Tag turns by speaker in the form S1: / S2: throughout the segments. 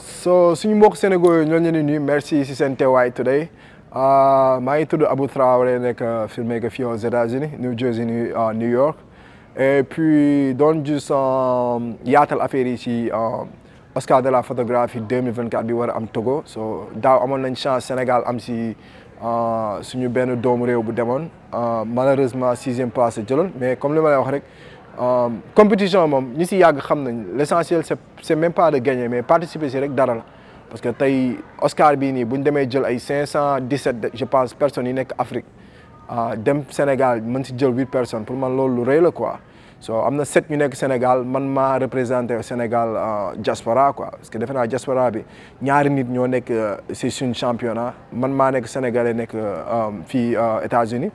S1: so suñu mbokk senego yooyu ñoo leen di merci si seen teewaay today ah, maa ngi tudd Abou Traoré nekk ah, filmmaker fii aux États-Unis New Jersey New ah, York et puis doon juste um, yaatal affaire yi ci um, Oscar de la photographie 2024 bi war a am Togo so daaw amoon nañ chance Sénégal am si suñu benn doomu réew bu demoon malheureusement sixième place jëloon mais comme li ma lay wax rek. Euh, compétition moom ñi si yàgg xam nañ l' essentiel c' est même pas de gagner mais participer si rek dara la parce que tey Oscar bii nii bu demee jël ay cinq cent dix sept je pense personnes yi nekk Afrique euh, dem Sénégal man si jël huit personnes pour man loolu lu rëy la ko so am na sept ñu nekk Sénégal man maa représenté Sénégal euh, diaspora quoi parce que defe naa bi ñaari nit ñoo nekk si suñ championnat man maa nekk Sénégalais nekk fii États-Unis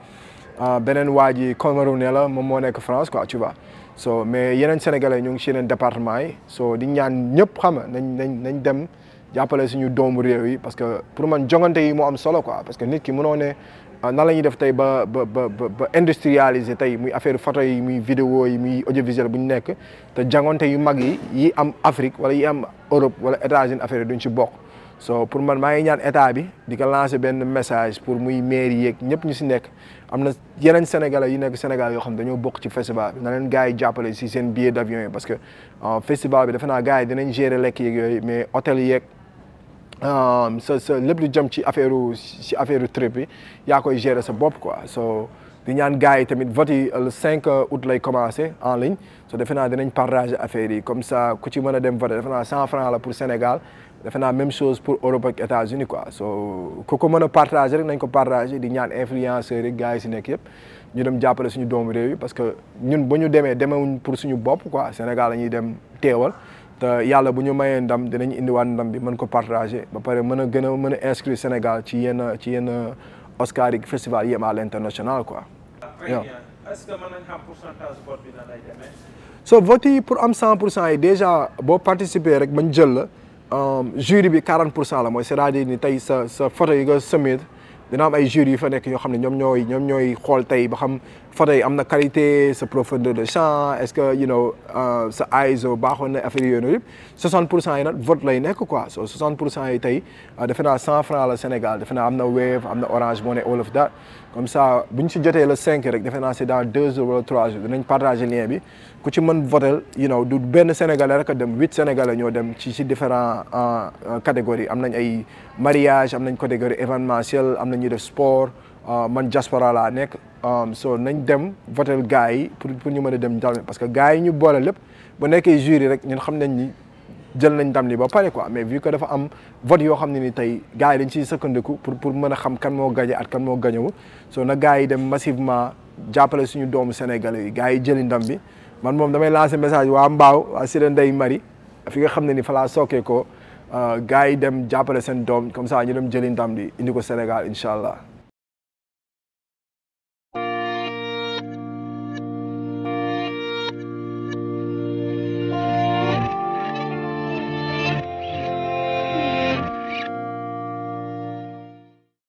S1: Ah, beneen waa ji Camerounais la moom moo nekk France quoi a vois so mais yeneen sénégalais ñu ngi si yeneen département yi so di ñaan ñëpp xam nañ nañ nañ dem jàppale suñu doomu réew yi parce que pour man jongante yi moo am solo ko parce que nit ki mënoo ne ah, nan la ñuy def tey ba ba ba ba industrialiser tey muy affaire photo yi muy video yi muy audiovisuel bu ñu nekk te jongante yu mag yi yi am Afrique wala yi am Europe wala États-Unis affaire yi duñ bokk. so pour man maa ngi ñaan état bi di ko lancer benn message pour muy maire yeeg ñëpp ñu si nekk am na yeneen sénégalais yi nekk Sénégal yoo xam dañoo bokk ci festival bi na leen gars yi jàppale si seen billet d' avion yi parce que euh, festival bi defe naa gars yi dinañ gérer lekk yeeg yooyu mais hôtel yeeg euh, sa sa lépp lu jëm ci affaire si affaire trip bi yaa koy gérer sa bopp ko so di ñaan gars yi tamit vote yi euh, le 5 euh, août lay commencé en ligne so defe naa dinañ partager affaire yi comme ça ku ci mën dem vote defe naa 100 francs la pour Sénégal defe naa même chose pour Europe ak États-Unis quoi so ku ko mën a rek nañ ko partager di ñaan influenceurs yi gars yi si nekk yëpp ñu dem jàppale suñu doomu réew yi parce que ñun bu ñu demee demewuñ pour suñu bopp ko Sénégal la ñuy dem teewal te yàlla bu ñu mayee ndam dinañ indiwaat ndam bi mën ko partager ba pare mën a gën a mën a inscrire Sénégal ci yenn ci yenn Oscar e que mën nañu xam pourcentage vote bi nan lay demee. so vote pour am 100 pour cent yi déjà boo participer rek bañ jël la euh, jury bi 40 pour cent la mooy c'est-à-dire ni tey sa sa photo yi nga semir. dina am ay jury yu fa nekk ñoo ñoom ñooy ñoom ñooy xool tey ba am na qualité sa profondeur de champ est-ce que you know euh, baaxoon na affaire yooyu noonu yëpp 60 pour cent yi lay nekk quoi so 60 pour cent yi euh, francs la Sénégal defe am na Wave am na Orange Money all of that comme ça bu si jotee le cinq rek defe naa c'est dans 2 jours wala 3 jours dinañ partager lien bi ku ci mën votel you know du benn Sénégalais rek a dem 8 Sénégalais am nañ ay mariage am nañ catégorie événementiel am nañ ñuy def sport euh, man diaspora laa nekk um, so nañ dem votel gars yi pour pour ñu mën a dem ndam parce que gars yi ñu boole lépp bu nekkee jury rek ñun xam nañ ni jël nañ ndam li ba pare quoi mais vu que dafa am vote yoo xam ne ni tey gars yi dañ ciy sëkkandiku pour pour mën a kan moo gañe ak kan moo so na yi dem massivement jàppale suñu doomu Sénégalais yi gars yi jëli ndam bi man moom damay lancer message waa Mbaaw waa Siré Ndeye Marie fi nga xam ne ni fa sookee ko Euh, gars yi dem jàppale seen doom comme ça ñu dem jëli ndam di indi ko Sénégal incha allah.